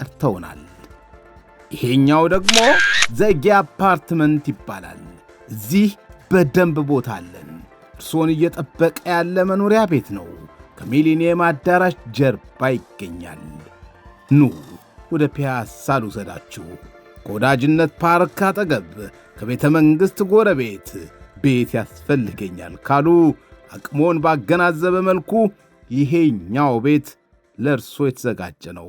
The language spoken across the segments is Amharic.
ጠርተውናል። ይሄኛው ደግሞ ዘጌ አፓርትመንት ይባላል። እዚህ በደንብ ቦታ አለን። እርሶን እየጠበቀ ያለ መኖሪያ ቤት ነው። ከሚሊኒየም አዳራሽ ጀርባ ይገኛል። ኑ ወደ ፒያሳ ልውሰዳችሁ። ከወዳጅነት ፓርክ አጠገብ ከቤተ መንግሥት ጎረቤት ቤት ያስፈልገኛል ካሉ አቅሞን ባገናዘበ መልኩ ይሄኛው ቤት ለእርሶ የተዘጋጀ ነው።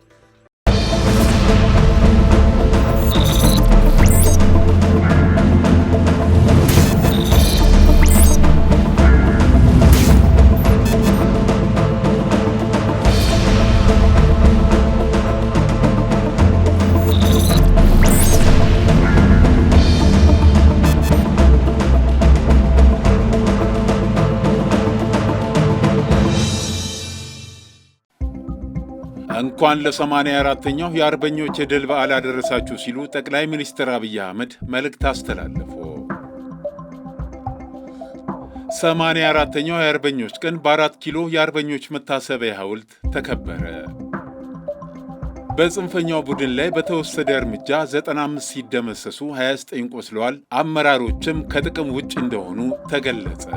እንኳን ለ 84 የአርበኞች የድል በዓል አደረሳችሁ ሲሉ ጠቅላይ ሚኒስትር አብይ አህመድ መልእክት አስተላለፉ። 84ኛው የአርበኞች ቀን በአራት ኪሎ የአርበኞች መታሰቢያ ሐውልት ተከበረ። በጽንፈኛው ቡድን ላይ በተወሰደ እርምጃ 95 ሲደመሰሱ 29 ቆስለዋል፣ አመራሮችም ከጥቅም ውጭ እንደሆኑ ተገለጸ።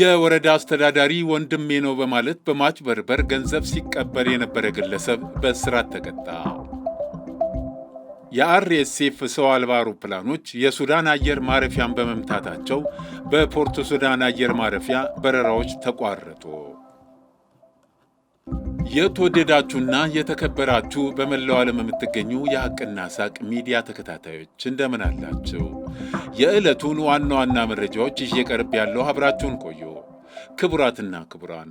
የወረዳ አስተዳዳሪ ወንድሜ ነው በማለት በማጭበርበር ገንዘብ ሲቀበል የነበረ ግለሰብ በእስራት ተቀጣ። የአርኤስኤፍ ሰው አልባ አውሮፕላኖች የሱዳን አየር ማረፊያን በመምታታቸው በፖርት ሱዳን አየር ማረፊያ በረራዎች ተቋረጡ። የተወደዳችሁና የተከበራችሁ በመላው ዓለም የምትገኙ የሐቅና ሳቅ ሚዲያ ተከታታዮች እንደምን አላችሁ? የዕለቱን ዋና ዋና መረጃዎች ይዤ ቀርብ ያለው አብራችሁን ቆዩ። ክቡራትና ክቡራን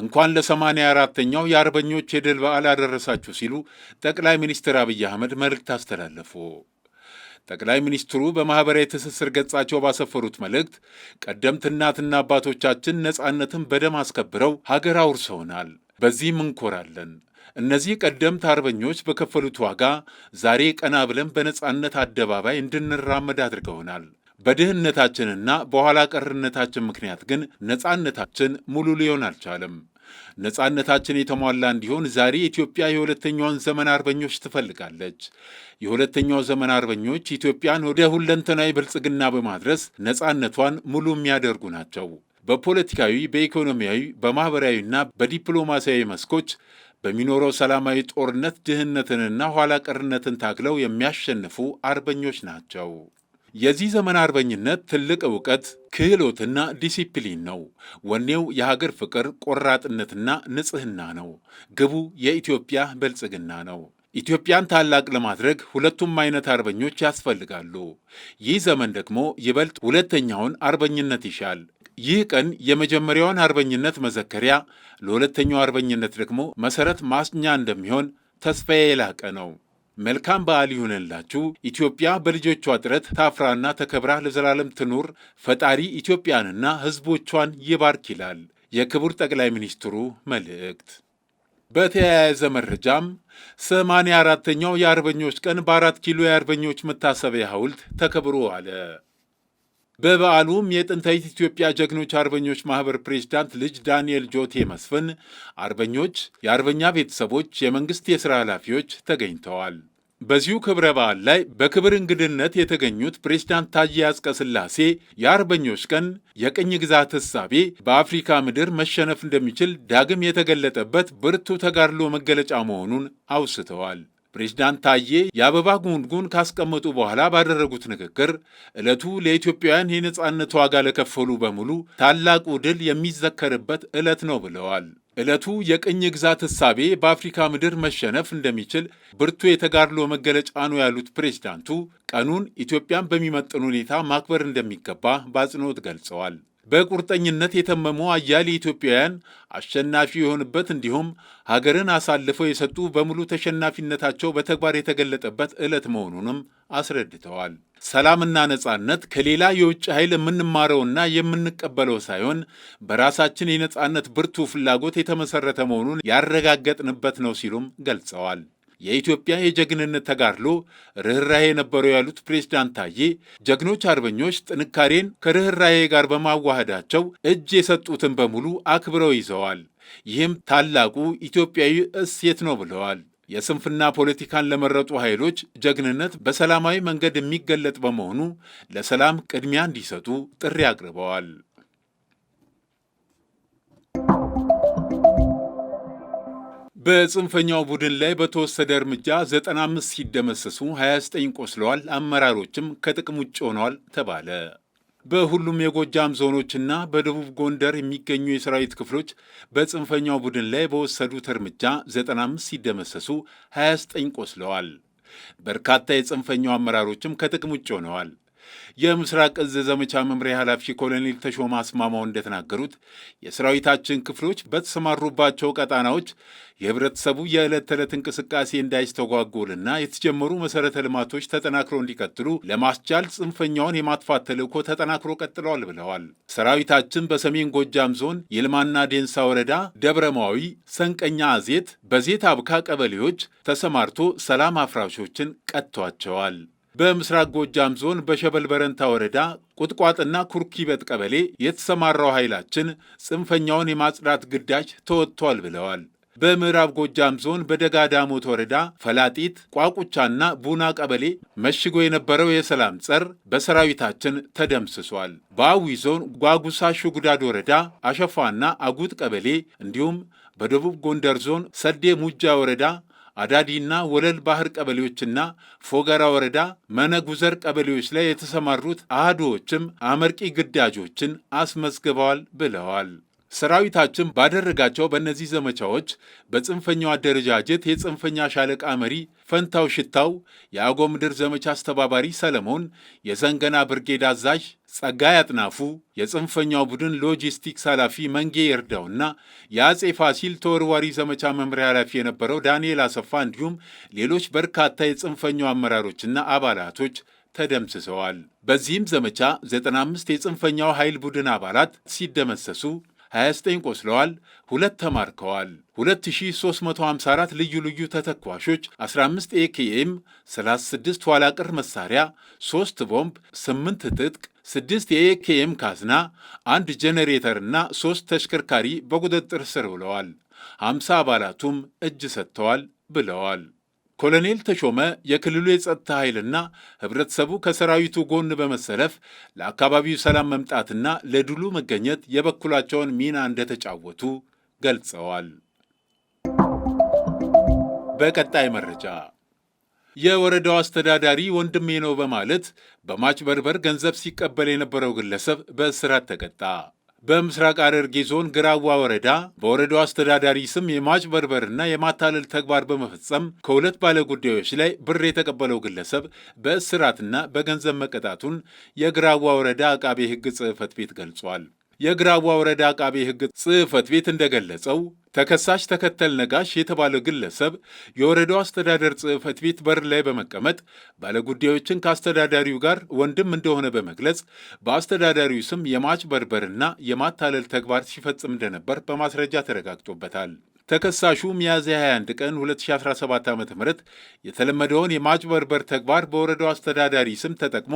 እንኳን ለሰማንያ አራተኛው የአርበኞች የድል በዓል አደረሳችሁ ሲሉ ጠቅላይ ሚኒስትር አብይ አህመድ መልእክት አስተላለፉ። ጠቅላይ ሚኒስትሩ በማኅበራዊ ትስስር ገጻቸው ባሰፈሩት መልእክት ቀደምት እናትና አባቶቻችን ነፃነትን በደም አስከብረው ሀገር አውርሰውናል፣ በዚህም እንኮራለን። እነዚህ ቀደምት አርበኞች በከፈሉት ዋጋ ዛሬ ቀና ብለን በነፃነት አደባባይ እንድንራመድ አድርገውናል። በድህነታችንና በኋላ ቀርነታችን ምክንያት ግን ነፃነታችን ሙሉ ሊሆን አልቻለም። ነፃነታችን የተሟላ እንዲሆን ዛሬ ኢትዮጵያ የሁለተኛውን ዘመን አርበኞች ትፈልጋለች። የሁለተኛው ዘመን አርበኞች ኢትዮጵያን ወደ ሁለንተናዊ ብልጽግና በማድረስ ነፃነቷን ሙሉ የሚያደርጉ ናቸው። በፖለቲካዊ፣ በኢኮኖሚያዊ፣ በማኅበራዊና በዲፕሎማሲያዊ መስኮች በሚኖረው ሰላማዊ ጦርነት ድህነትንና ኋላ ቀርነትን ታግለው የሚያሸንፉ አርበኞች ናቸው። የዚህ ዘመን አርበኝነት ትልቅ እውቀት ክህሎትና ዲሲፕሊን ነው። ወኔው የሀገር ፍቅር፣ ቆራጥነትና ንጽህና ነው። ግቡ የኢትዮጵያ ብልጽግና ነው። ኢትዮጵያን ታላቅ ለማድረግ ሁለቱም አይነት አርበኞች ያስፈልጋሉ። ይህ ዘመን ደግሞ ይበልጥ ሁለተኛውን አርበኝነት ይሻል። ይህ ቀን የመጀመሪያውን አርበኝነት መዘከሪያ፣ ለሁለተኛው አርበኝነት ደግሞ መሰረት ማስኛ እንደሚሆን ተስፋዬ የላቀ ነው። መልካም በዓል ይሁንላችሁ። ኢትዮጵያ በልጆቿ ጥረት ታፍራና ተከብራ ለዘላለም ትኑር። ፈጣሪ ኢትዮጵያንና ሕዝቦቿን ይባርክ ይላል የክቡር ጠቅላይ ሚኒስትሩ መልእክት። በተያያዘ መረጃም ሰማንያ አራተኛው የአርበኞች ቀን በአራት ኪሎ የአርበኞች መታሰቢያ ሐውልት ተከብሮ አለ። በበዓሉም የጥንታዊት ኢትዮጵያ ጀግኖች አርበኞች ማህበር ፕሬዚዳንት ልጅ ዳንኤል ጆቴ መስፍን፣ አርበኞች፣ የአርበኛ ቤተሰቦች፣ የመንግስት የሥራ ኃላፊዎች ተገኝተዋል። በዚሁ ክብረ በዓል ላይ በክብር እንግድነት የተገኙት ፕሬዚዳንት ታዬ አጽቀሥላሴ የአርበኞች ቀን የቅኝ ግዛት ሕሳቤ በአፍሪካ ምድር መሸነፍ እንደሚችል ዳግም የተገለጠበት ብርቱ ተጋድሎ መገለጫ መሆኑን አውስተዋል። ፕሬዚዳንት ታዬ የአበባ ጉንጉን ካስቀመጡ በኋላ ባደረጉት ንግግር ዕለቱ ለኢትዮጵያውያን የነጻነት ዋጋ ለከፈሉ በሙሉ ታላቁ ድል የሚዘከርበት ዕለት ነው ብለዋል። ዕለቱ የቅኝ ግዛት እሳቤ በአፍሪካ ምድር መሸነፍ እንደሚችል ብርቱ የተጋድሎ መገለጫ ነው ያሉት ፕሬዚዳንቱ ቀኑን ኢትዮጵያን በሚመጥን ሁኔታ ማክበር እንደሚገባ በአጽንኦት ገልጸዋል። በቁርጠኝነት የተመሙ አያሌ ኢትዮጵያውያን አሸናፊ የሆንበት እንዲሁም ሀገርን አሳልፈው የሰጡ በሙሉ ተሸናፊነታቸው በተግባር የተገለጠበት ዕለት መሆኑንም አስረድተዋል። ሰላምና ነጻነት ከሌላ የውጭ ኃይል የምንማረውና የምንቀበለው ሳይሆን በራሳችን የነጻነት ብርቱ ፍላጎት የተመሰረተ መሆኑን ያረጋገጥንበት ነው ሲሉም ገልጸዋል። የኢትዮጵያ የጀግንነት ተጋድሎ ርኅራሄ ነበረው ያሉት ፕሬዚዳንት ታዬ ጀግኖች አርበኞች ጥንካሬን ከርኅራሄ ጋር በማዋሃዳቸው እጅ የሰጡትን በሙሉ አክብረው ይዘዋል። ይህም ታላቁ ኢትዮጵያዊ እሴት ነው ብለዋል። የስንፍና ፖለቲካን ለመረጡ ኃይሎች ጀግንነት በሰላማዊ መንገድ የሚገለጥ በመሆኑ ለሰላም ቅድሚያ እንዲሰጡ ጥሪ አቅርበዋል። በጽንፈኛው ቡድን ላይ በተወሰደ እርምጃ 95 ሲደመሰሱ 29 ቆስለዋል፣ አመራሮችም ከጥቅም ውጭ ሆነዋል ተባለ። በሁሉም የጎጃም ዞኖችና በደቡብ ጎንደር የሚገኙ የሰራዊት ክፍሎች በጽንፈኛው ቡድን ላይ በወሰዱት እርምጃ 95 ሲደመሰሱ 29 ቆስለዋል። በርካታ የጽንፈኛው አመራሮችም ከጥቅም ውጭ ሆነዋል። የምስራቅ እዝ ዘመቻ መምሪያ ኃላፊ ኮሎኔል ተሾማ አስማማው እንደተናገሩት የሰራዊታችን ክፍሎች በተሰማሩባቸው ቀጣናዎች የህብረተሰቡ የዕለት ተዕለት እንቅስቃሴ እንዳይስተጓጎልና የተጀመሩ መሠረተ ልማቶች ተጠናክሮ እንዲቀጥሉ ለማስቻል ጽንፈኛውን የማጥፋት ተልእኮ ተጠናክሮ ቀጥለዋል ብለዋል። ሰራዊታችን በሰሜን ጎጃም ዞን የልማና ዴንሳ ወረዳ ደብረማዊ፣ ሰንቀኛ አዜት፣ በዜት አብካ ቀበሌዎች ተሰማርቶ ሰላም አፍራሾችን ቀጥቷቸዋል። በምስራቅ ጎጃም ዞን በሸበል በረንታ ወረዳ ቁጥቋጥና ኩርኪበት ቀበሌ የተሰማራው ኃይላችን ጽንፈኛውን የማጽዳት ግዳጅ ተወጥቷል ብለዋል። በምዕራብ ጎጃም ዞን በደጋ ዳሞት ወረዳ ፈላጢት ቋቁቻና ቡና ቀበሌ መሽጎ የነበረው የሰላም ጸር በሰራዊታችን ተደምስሷል። በአዊ ዞን ጓጉሳ ሹጉዳድ ወረዳ አሸፋና አጉጥ ቀበሌ እንዲሁም በደቡብ ጎንደር ዞን ሰዴ ሙጃ ወረዳ አዳዲና ወለል ባህር ቀበሌዎችና ፎገራ ወረዳ መነጉዘር ቀበሌዎች ላይ የተሰማሩት አህዶዎችም አመርቂ ግዳጆችን አስመዝግበዋል ብለዋል። ሰራዊታችን ባደረጋቸው በእነዚህ ዘመቻዎች በጽንፈኛው አደረጃጀት የጽንፈኛ ሻለቃ መሪ ፈንታው ሽታው፣ የአጎ ምድር ዘመቻ አስተባባሪ ሰለሞን፣ የዘንገና ብርጌድ አዛዥ ጸጋይ አጥናፉ፣ የጽንፈኛው ቡድን ሎጂስቲክስ ኃላፊ መንጌ ይርዳውና የአጼ ፋሲል ተወርዋሪ ዘመቻ መምሪያ ኃላፊ የነበረው ዳንኤል አሰፋ እንዲሁም ሌሎች በርካታ የጽንፈኛው አመራሮችና አባላቶች ተደምስሰዋል። በዚህም ዘመቻ 95 የጽንፈኛው ኃይል ቡድን አባላት ሲደመሰሱ 29 ቆስለዋል፣ ሁለት ተማርከዋል። 2354 ልዩ ልዩ ተተኳሾች፣ 15 ኤኬኤም፣ 36 ኋላ ቀር መሳሪያ፣ 3 ቦምብ፣ 8 ትጥቅ፣ 6 የኤኬኤም ካዝና፣ አንድ ጄኔሬተርና 3 ተሽከርካሪ በቁጥጥር ስር ውለዋል። 50 አባላቱም እጅ ሰጥተዋል ብለዋል። ኮሎኔል ተሾመ የክልሉ የጸጥታ ኃይልና ህብረተሰቡ ከሰራዊቱ ጎን በመሰለፍ ለአካባቢው ሰላም መምጣትና ለድሉ መገኘት የበኩላቸውን ሚና እንደተጫወቱ ገልጸዋል። በቀጣይ መረጃ የወረዳው አስተዳዳሪ ወንድሜ ነው በማለት በማጭበርበር ገንዘብ ሲቀበል የነበረው ግለሰብ በእስራት ተቀጣ። በምስራቅ ሐረርጌ ዞን ግራዋ ወረዳ በወረዳው አስተዳዳሪ ስም የማጭበርበርና የማታለል ተግባር በመፈጸም ከሁለት ባለጉዳዮች ላይ ብር የተቀበለው ግለሰብ በእስራትና በገንዘብ መቀጣቱን የግራዋ ወረዳ አቃቤ ሕግ ጽሕፈት ቤት ገልጿል። የግራዋ ወረዳ አቃቤ ሕግ ጽሕፈት ቤት እንደገለጸው ተከሳሽ ተከተል ነጋሽ የተባለው ግለሰብ የወረዳው አስተዳደር ጽሕፈት ቤት በር ላይ በመቀመጥ ባለጉዳዮችን ከአስተዳዳሪው ጋር ወንድም እንደሆነ በመግለጽ በአስተዳዳሪው ስም የማጭበርበርና የማታለል ተግባር ሲፈጽም እንደነበር በማስረጃ ተረጋግጦበታል። ተከሳሹ ሚያዝያ 21 ቀን 2017 ዓ ም የተለመደውን የማጭበርበር ተግባር በወረዳው አስተዳዳሪ ስም ተጠቅሞ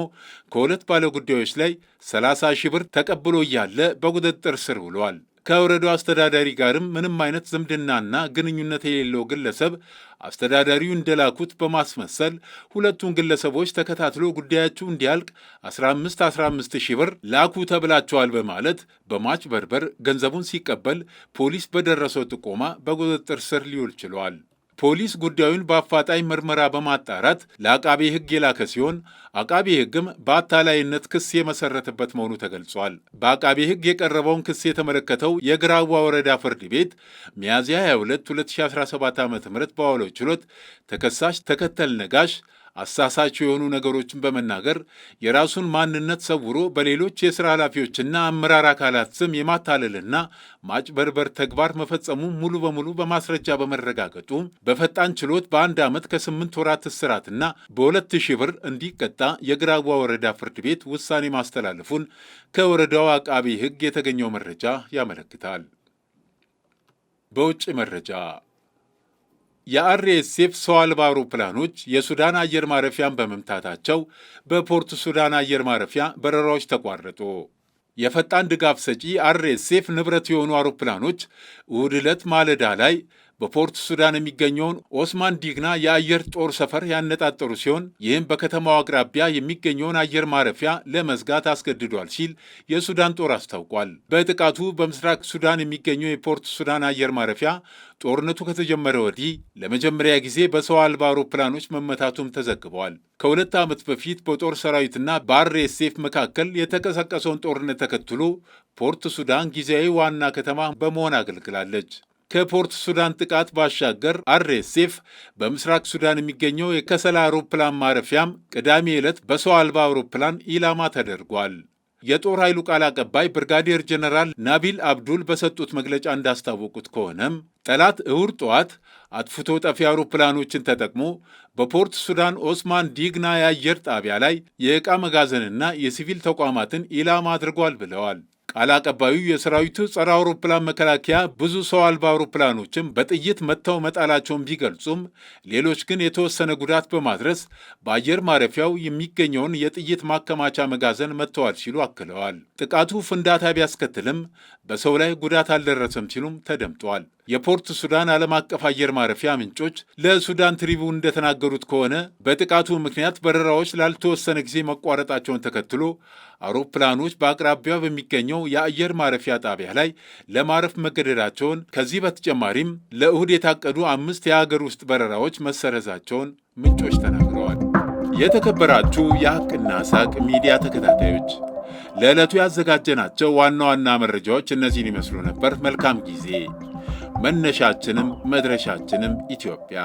ከሁለት ባለጉዳዮች ላይ 30 ሺህ ብር ተቀብሎ እያለ በቁጥጥር ስር ውሏል። ከወረዳው አስተዳዳሪ ጋርም ምንም አይነት ዝምድናና ግንኙነት የሌለው ግለሰብ አስተዳዳሪው እንደላኩት በማስመሰል ሁለቱን ግለሰቦች ተከታትሎ ጉዳያችሁ እንዲያልቅ 15 15 ሺህ ብር ላኩ ተብላቸዋል በማለት በማጭበርበር ገንዘቡን ሲቀበል ፖሊስ በደረሰው ጥቆማ በቁጥጥር ስር ሊውል ችሏል። ፖሊስ ጉዳዩን በአፋጣኝ ምርመራ በማጣራት ለአቃቤ ሕግ የላከ ሲሆን አቃቤ ሕግም በአታላይነት ክስ የመሰረተበት መሆኑ ተገልጿል። በአቃቤ ሕግ የቀረበውን ክስ የተመለከተው የግራዋ ወረዳ ፍርድ ቤት ሚያዝያ 22 2017 ዓ ም በዋለው ችሎት ተከሳሽ ተከተል ነጋሽ አሳሳች የሆኑ ነገሮችን በመናገር የራሱን ማንነት ሰውሮ በሌሎች የሥራ ኃላፊዎችና አመራር አካላት ስም የማታለልና ማጭበርበር ተግባር መፈጸሙ ሙሉ በሙሉ በማስረጃ በመረጋገጡ በፈጣን ችሎት በአንድ ዓመት ከስምንት ወራት እስራትና በሁለት ሺህ ብር እንዲቀጣ የግራዋ ወረዳ ፍርድ ቤት ውሳኔ ማስተላለፉን ከወረዳው አቃቢ ሕግ የተገኘው መረጃ ያመለክታል። በውጭ መረጃ የአርኤስኤፍ ሰው አልባ አውሮፕላኖች የሱዳን አየር ማረፊያን በመምታታቸው በፖርት ሱዳን አየር ማረፊያ በረራዎች ተቋረጡ። የፈጣን ድጋፍ ሰጪ አርኤስኤፍ ንብረት የሆኑ አውሮፕላኖች እሁድ ዕለት ማለዳ ላይ በፖርት ሱዳን የሚገኘውን ኦስማን ዲግና የአየር ጦር ሰፈር ያነጣጠሩ ሲሆን ይህም በከተማው አቅራቢያ የሚገኘውን አየር ማረፊያ ለመዝጋት አስገድዷል ሲል የሱዳን ጦር አስታውቋል። በጥቃቱ በምስራቅ ሱዳን የሚገኘው የፖርት ሱዳን አየር ማረፊያ ጦርነቱ ከተጀመረ ወዲህ ለመጀመሪያ ጊዜ በሰው አልባ አውሮፕላኖች መመታቱም ተዘግበዋል። ከሁለት ዓመት በፊት በጦር ሰራዊትና በአርኤስኤፍ መካከል የተቀሰቀሰውን ጦርነት ተከትሎ ፖርት ሱዳን ጊዜያዊ ዋና ከተማ በመሆን አገልግላለች። ከፖርት ሱዳን ጥቃት ባሻገር አርኤስኤፍ በምስራቅ ሱዳን የሚገኘው የከሰላ አውሮፕላን ማረፊያም ቅዳሜ ዕለት በሰው አልባ አውሮፕላን ኢላማ ተደርጓል። የጦር ኃይሉ ቃል አቀባይ ብርጋዴር ጀነራል ናቢል አብዱል በሰጡት መግለጫ እንዳስታወቁት ከሆነም ጠላት እሁድ ጠዋት አጥፍቶ ጠፊ አውሮፕላኖችን ተጠቅሞ በፖርት ሱዳን ኦስማን ዲግና የአየር ጣቢያ ላይ የዕቃ መጋዘንና የሲቪል ተቋማትን ኢላማ አድርጓል ብለዋል። ቃል አቀባዩ የሰራዊቱ ጸረ አውሮፕላን መከላከያ ብዙ ሰው አልባ አውሮፕላኖችን በጥይት መጥተው መጣላቸውን ቢገልጹም ሌሎች ግን የተወሰነ ጉዳት በማድረስ በአየር ማረፊያው የሚገኘውን የጥይት ማከማቻ መጋዘን መጥተዋል ሲሉ አክለዋል። ጥቃቱ ፍንዳታ ቢያስከትልም በሰው ላይ ጉዳት አልደረሰም ሲሉም ተደምጧል። የፖርት ሱዳን ዓለም አቀፍ አየር ማረፊያ ምንጮች ለሱዳን ትሪቡን እንደተናገሩት ከሆነ በጥቃቱ ምክንያት በረራዎች ላልተወሰነ ጊዜ መቋረጣቸውን ተከትሎ አውሮፕላኖች በአቅራቢያ በሚገኘው የአየር ማረፊያ ጣቢያ ላይ ለማረፍ መገደዳቸውን፣ ከዚህ በተጨማሪም ለእሁድ የታቀዱ አምስት የሀገር ውስጥ በረራዎች መሰረዛቸውን ምንጮች ተናግረዋል። የተከበራችሁ የሐቅና ሳቅ ሚዲያ ተከታታዮች ለዕለቱ ያዘጋጀናቸው ዋና ዋና መረጃዎች እነዚህን ይመስሉ ነበር። መልካም ጊዜ። መነሻችንም መድረሻችንም ኢትዮጵያ።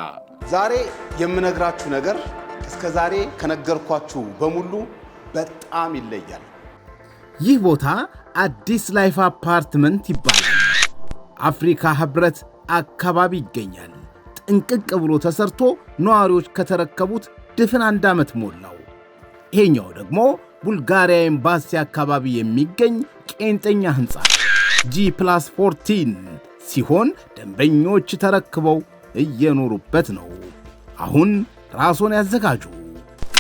ዛሬ የምነግራችሁ ነገር እስከ ዛሬ ከነገርኳችሁ በሙሉ በጣም ይለያል። ይህ ቦታ አዲስ ላይፍ አፓርትመንት ይባላል። አፍሪካ ህብረት አካባቢ ይገኛል። ጥንቅቅ ብሎ ተሰርቶ ነዋሪዎች ከተረከቡት ድፍን አንድ ዓመት ሞላው። ይሄኛው ደግሞ ቡልጋሪያ ኤምባሲ አካባቢ የሚገኝ ቄንጠኛ ሕንፃ ጂ ፕላስ 14 ሲሆን ደንበኞች ተረክበው እየኖሩበት ነው። አሁን ራስዎን ያዘጋጁ።